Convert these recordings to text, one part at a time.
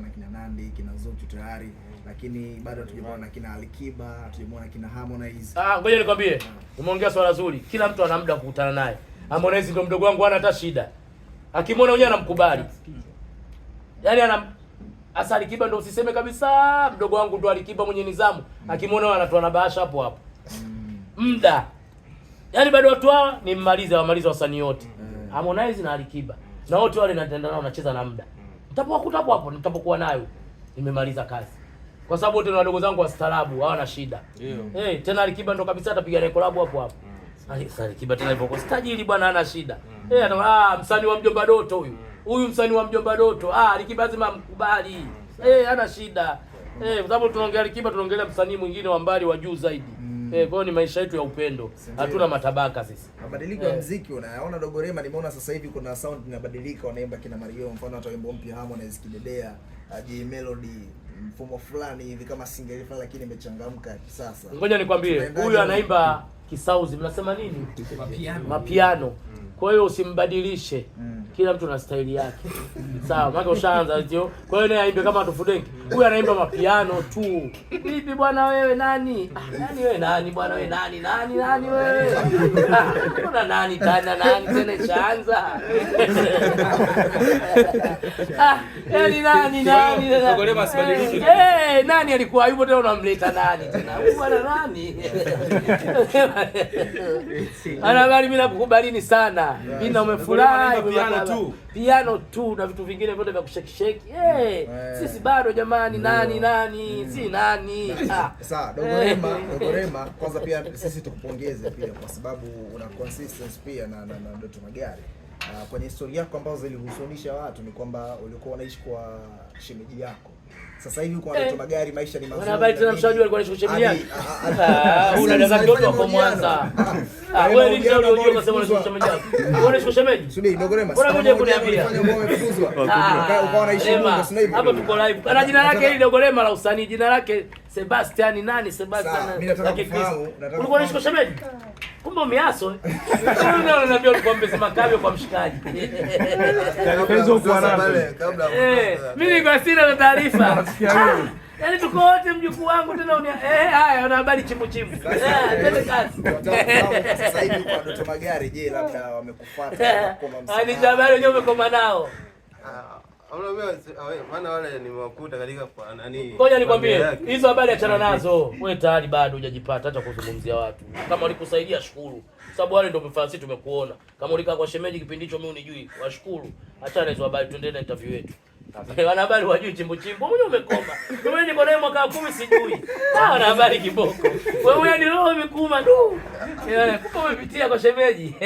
na kina Nandi, kina Zuchu tayari, mm. lakini bado hatujamwona kina Alikiba, hatujamwona kina Harmonize. Ah, ngoja nikwambie, umeongea swala zuri. Kila mtu ana muda kukutana naye. Harmonize ndio mdogo wangu, hana hata shida, akimwona mwenyewe anamkubali, yaani ana hasa Alikiba ndio usiseme kabisa, mdogo wangu ndio Alikiba mwenye nizamu, akimwona anatoa na bahasha hapo hapo mm. muda yaani bado watu hawa ni mmaliza wamaliza wasanii wote mm. Harmonize na Alikiba na wote wale natendana wanacheza na muda. Nitapokuta hapo hapo nitapokuwa nayo nimemaliza kazi. Kwa sababu wote wadogo zangu wastaarabu hawana shida. Eh, hey, tena Alikiba ndo kabisa atapiga rekodi hapo hapo. Mm. Alikiba tena ipo staji bwana hana shida. Mm. Eh, hey, ah msanii wa mjomba Doto huyu. Mm. Huyu msanii wa mjomba Doto. Ah, Alikiba lazima mkubali. Mm. Eh, hey, hana shida. Eh, hey, kwa sababu tunaongelea Alikiba tunaongelea msanii mwingine wa mbali wa juu zaidi mm. Eh, kwa hiyo ni maisha yetu ya upendo, hatuna matabaka sisi. Mabadiliko ya eh. muziki unayaona, Dogo Rema nimeona sasa hivi kuna sound inabadilika, wanaimba kina Mario, mfano hata wimbo mpya Harmonize kidedea J Melody mfumo fulani hivi kama singeli fulani, lakini imechangamka kisasa. Ngoja nikwambie, huyu anaimba kisauzi, mnasema nini? Mapiano, mapiano. Kwa hiyo usimbadilishe mm. Kila mtu na staili yake sawa, maana ushaanza hiyo. Kwa hiyo naye aimbe kama Tufudenki, huyu anaimba mapiano tu. Vipi bwana wewe, nani ah, nani wewe, nani bwana wewe, nani nani nani wewe, ah, kuna nani tena, nani tena chaanza ah, yani nani nani eh, eh, nani alikuwa yupo tena, unamleta nani tena huyu bwana nani? Ana bali mimi nakukubalini sana furaha yes. Ina umefurahi piano tu, piano tu na vitu vingine vyote vya kushekisheki hey. Yeah. Eh. Sisi bado jamani no. Nani nani mm. Si nani ah. sawa Dogo Rema eh. Dogo Rema, kwanza pia sisi tukupongeze pia kwa sababu una consistency pia na na, na Doto Magari uh, kwenye historia yako ambazo zilihusunisha watu ni kwamba ulikuwa unaishi kwa shemeji yako sasa hivi kwa eh. watu magari maisha ni mazuri. Bwana tuna mshauri alikuwa anashusha milioni. Ah, una dada mtoto hapo Mwanza. Ah, wewe ni mshauri unajua sababu unashusha milioni. Wewe unashusha milioni? Subiri ndio kuna masa. Wewe kuniambia. Ukaona unaishi Mungu sasa hivi. Hapa tuko live. Ana jina lake hili Dogolema la usanii. Jina lake Sebastian nani? Sebastian Mimi nataka kufahamu. Ulikuwa unashusha milioni? Kumbe umeaso. Eh. Ndio unaniambia ulikuwa mmesema kabla kwa mshikaji. Kabla kabla. Eh, mimi niko sina taarifa baba. Ah, yaani tuko wote mjukuu wangu tena unia eh, haya habari chimu chimu. Eh, ah, twende kazi. Sasa hivi kwa Doto Magari je, labda wamekufuata kwa eh, yaani habari wenyewe umekoma nao. Ah, eh, maana wale nimewakuta katika nani. Ngoja nikwambie, hizo habari achana nazo. Wewe tayari bado hujajipata hata kuzungumzia watu. Kama walikusaidia shukuru. Sababu wale ndio umefanya sisi tumekuona. Kama ulikaa kwa shemeji kipindi hicho mimi unijui. Washukuru. Achana hizo habari tuendelee na interview yetu. Wanahabari wajui chimbo chimbo, mwenye umekoma wewe, ni naye mwaka kumi sijui wana wanahabari kiboko wewe, ni roho imekuma ndu eh, kupa umepitia kwa shemeji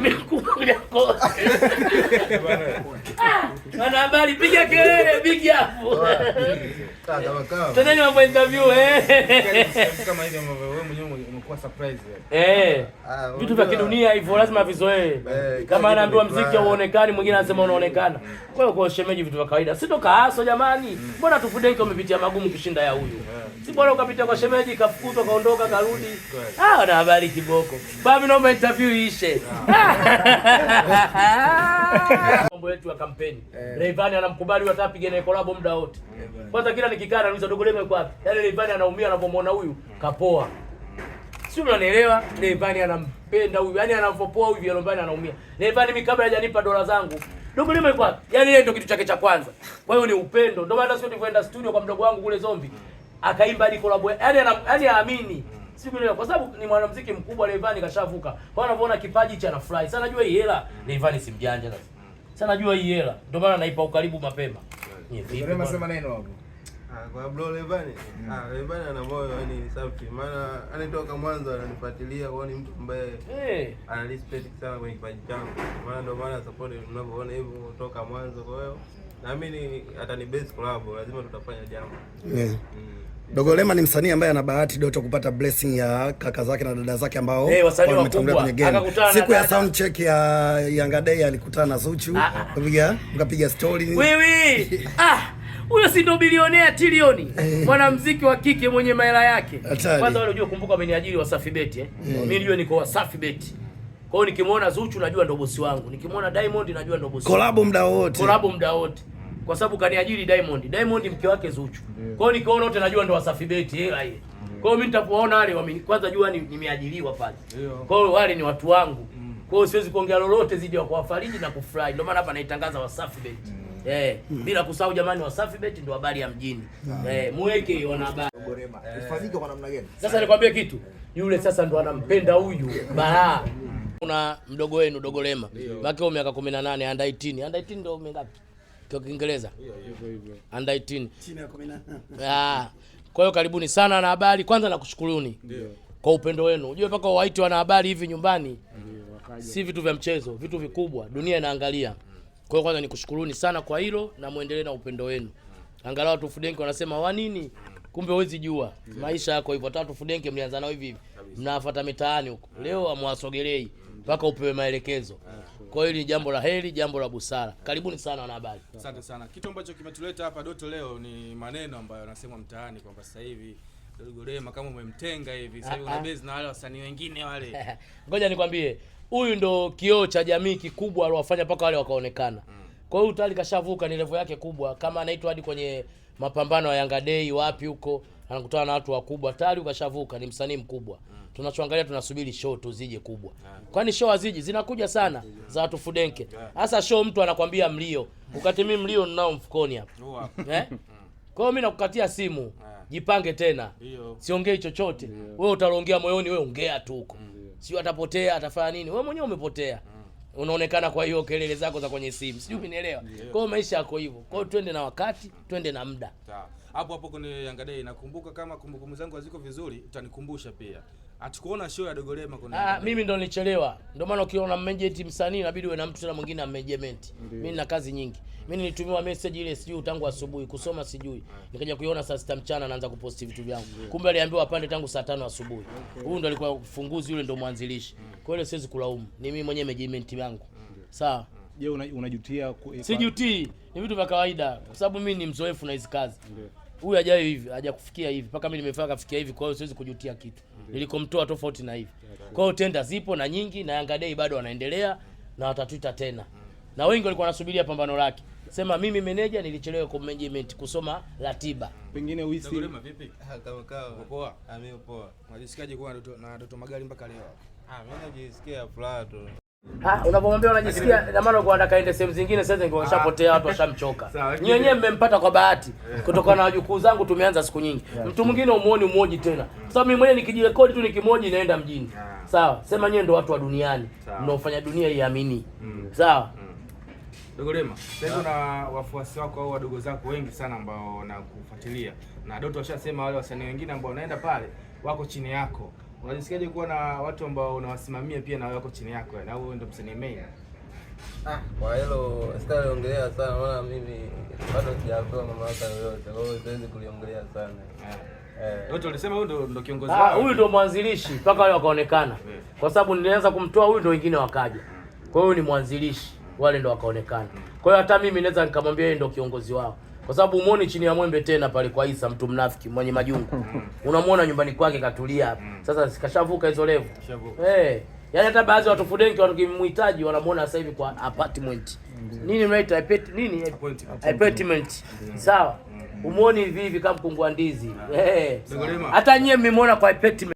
Nimekuja Bwana habari, piga kelele, Tendeni mambo interview eh. Kama hivi ambavyo wewe mwenyewe umekuwa surprise. Eh. Vitu vya kidunia hivyo lazima vizoe. Kama anaambiwa mziki hauonekani, mwingine anasema unaonekana. Kwa hiyo kwa shemeji vitu vya kawaida. Si toka haso jamani. Mbona tufudeke umepitia magumu kushinda ya huyu? Si bora ukapitia kwa shemeji kafukuzwa kaondoka karudi. Ah, wana habari kiboko. Baba naomba interview hii tuishe Mambo yetu ya kampeni. Eh. Rayvanny anamkubali huyu, atapiga apigane collab muda wote. Kwanza kila nikikaa nauliza dogo leo yuko wapi? Yaani Rayvanny anaumia anapomwona huyu kapoa. Si unanielewa? Rayvanny anampenda huyu. Yaani anapopoa huyu Rayvanny anaumia. Rayvanny mimi kabla hajanipa dola zangu. Dogo leo yuko wapi? Yaani yeye ndio kitu chake cha kwanza. Kwa hiyo ni upendo. Ndio maana sio tulivyoenda studio kwa mdogo wangu kule Zombi. Akaimba hadi collab. Yaani yaani haamini siku ile, kwa sababu ni mwanamuziki mkubwa Levani kashavuka. Kwa hiyo anapoona kipaji cha anafurahi Sasa najua hii hela Levani mm. si mjanja sasa mm. Sasa najua hii hela ndio maana naipa ukaribu mapema. Ni vipi? Sema sema neno hapo ah, kwa bro Rayvanny. Mm. Ah, Levani ana moyo yani safi. Maana anatoka Mwanza ananifuatilia kwa ni mtu ambaye eh ana respect sana kwenye kipaji changu. Maana ndio maana support mnavyoona hivyo kutoka Mwanza. kwa hiyo naamini hata ni best collab lazima tutafanya jambo. Yeah. Mm. Dogo Lema ni msanii ambaye ana bahati Doto kupata blessing ya kaka zake na dada zake ambao hey, eh, wametangulia kwenye game. Siku ya sound check ya Yanga Day alikutana na Zuchu, mkapiga ah, ah. mkapiga story. Wewe ah, huyo si ndo bilionea trilioni eh. mwanamuziki wa kike mwenye maela yake. Kwanza wale unajua, kumbuka ameniajiri Wasafi Bet eh. Mm. Mimi nijue niko Wasafi Bet. Kwa hiyo nikimwona Zuchu najua ndo bosi wangu. Nikimwona Diamond najua ndo bosi. Collab muda wote. Collab muda wote kwa sababu kaniajiri Diamond. Diamond mke wake Zuchu. Kwa hiyo nikiona wote najua ndo Wasafi Beti hela ile. Kwa hiyo mimi nitapoona wale wame kwanza jua nimeajiriwa ni pale. Kwa hiyo wale ni watu wangu. Mm. Kwa hiyo siwezi kuongea lolote zidi ya kuwafariji na kufurahi. Ndio maana hapa naitangaza Wasafi Beti. Mm. Eh, Hmm. bila kusahau jamani Wasafi Bet ndio habari ya mjini. Mm. Eh, muweke wana habari. Eh. Ifanyike kwa namna gani? Sasa nikwambie kitu. Yule sasa ndo anampenda huyu. Balaa. Kuna mdogo wenu Dogolema. Bakio miaka 18 under 18. Under 18 ndio ngapi? kwa Kiingereza under 18 chini ya 18. Ah, kwa hiyo karibuni sana habari. Kwanza nakushukuruni kwa upendo wenu. Ujue mpaka wana habari hivi nyumbani si vitu vya mchezo, vitu vikubwa, dunia inaangalia. Kwa hiyo kwanza nikushukuruni sana kwa hilo na muendelee na upendo wenu. Angalau watu Fudenki wanasema wa nini, kumbe huwezi jua maisha yako hivyo. Tatu Fudenki mlianza nao hivi hivi, mnafuata mitaani huko, ah. leo amwasogelei mpaka upewe maelekezo. Ah. Kwa hiyo ni jambo la heri, jambo la busara. Karibuni sana wanahabari. Asante sana. Kitu ambacho kimetuleta hapa Doto leo ni maneno ambayo anasemwa mtaani kwamba sasa hivi Rema kama umemtenga hivi sasa hivi unabezi ah, ah. na wale wasanii wengine wale. Ngoja nikwambie, huyu ndo kioo cha jamii kikubwa aliwafanya mpaka wale wakaonekana. Mm. Kwa hiyo utali kashavuka ni level yake kubwa, kama anaitwa hadi kwenye mapambano ya Yanga Day wapi huko, anakutana na watu wakubwa tayari, ukashavuka ni msanii mkubwa mm. Tunachoangalia tunasubiri show tu zije kubwa Kwani show haziji zinakuja sana za watu fudenke hasa Show mtu anakwambia mlio mimi mlio ninao mfukoni hapa eh? Mm. Kwa hiyo mimi nakukatia simu Jipange tena Siongei chochote Wewe utaongea moyoni, wewe ongea tu huko Sio atapotea atafanya nini, wewe mwenyewe umepotea mm unaonekana kwa hiyo kelele zako za kwenye simu, sijui umenielewa. Kwa hiyo maisha yako hivyo, kwa hiyo twende na wakati, twende na muda hapo hapo. Kwenye Yanga Day nakumbuka, kama kumbukumbu zangu haziko vizuri, utanikumbusha pia. Hatukuona show ya Dogolema kuna. Ah, mimi ndo nilichelewa. Ndio maana ukiona management msanii inabidi uwe na mtu tena mwingine amejement. Mimi nina kazi nyingi. Mimi nilitumiwa message ile sijui tangu asubuhi kusoma sijui. Nikaja kuiona saa sita mchana naanza kuposti vitu vyangu. Kumbe aliambiwa apande tangu saa tano asubuhi. Huyu okay, ndo alikuwa ufunguzi yule ndo mwanzilishi. Mm. Kwa hiyo siwezi kulaumu. Ni mimi mwenyewe management yangu. Mm. Sawa. Je, unajutia? Sijutii. Ni vitu vya kawaida kwa sababu mimi ni mzoefu na hizo kazi. Ndiyo huyu hajawahi hivi, hajakufikia hivi mpaka mimi nimefanya kafikia hivi, kwa hiyo siwezi kujutia kitu nilikomtoa, tofauti na hivi. Kwa hiyo tenda zipo na nyingi, na Yanga Day bado wanaendelea na watatwita tena, na wengi walikuwa wanasubiria pambano lake. Sema mimi meneja nilichelewa kwa management kusoma ratiba. Pengine wisi vipi? Kama kawa. Poa. poa. na Magari mpaka leo? Ah, mimi najisikia Unapomwambia unajisikia na maana kwa anataka aende sehemu zingine sasa ingekuwa ah. kashapotea watu washamchoka. Ni wenyewe mmempata kwa bahati eh. kutokana na wajukuu zangu tumeanza siku nyingi. Mtu mwingine umuoni umoji tena. Sasa mimi mwenyewe nikijirekodi tu nikimoji naenda mjini. Sawa. Sema nyewe ndo watu wa duniani mnaofanya dunia iamini. Mm. Sawa. Mm. Dogo Lema, sasa una wafuasi wako au wadogo zako wengi sana ambao wanakufuatilia. Na Doto washasema wale wasanii wengine ambao wanaenda pale wako chini yako unajisikiaje kuwa na watu ambao unawasimamia pia na wako chini yako na yaani, wewe ndio msanii main? Ah, kwa hilo sitaliongelea sana, maana mimi bado sijapewa mamlaka yoyote, kwa hiyo siwezi kuliongelea sana. Eh. Wote eh. ulisema ah, huyu ndo kiongozi wao, Ah, huyu ndo mwanzilishi mpaka wale wakaonekana, eh. kwa sababu nilianza kumtoa huyu ndo wengine wakaja, kwa hiyo ni mwanzilishi, wale ndo wakaonekana. Mm. Kwa hiyo hata mimi naweza nikamwambia yeye ndo kiongozi wao kwa sababu umwoni chini ya mwembe tena pale kwa Isa, mtu mnafiki mwenye majungu unamwona nyumbani kwake katulia mm. Sasa sikashavuka hizo levu eh yani hata baadhi ya watu fudenki wakimhitaji wanamwona sasa hivi kwa apartment nini mnaita nini apartment, sawa. Mm. Umwoni hivi hivi kama mkungu wa ndizi, ah. eh. hata nyie mmemwona kwa apartment.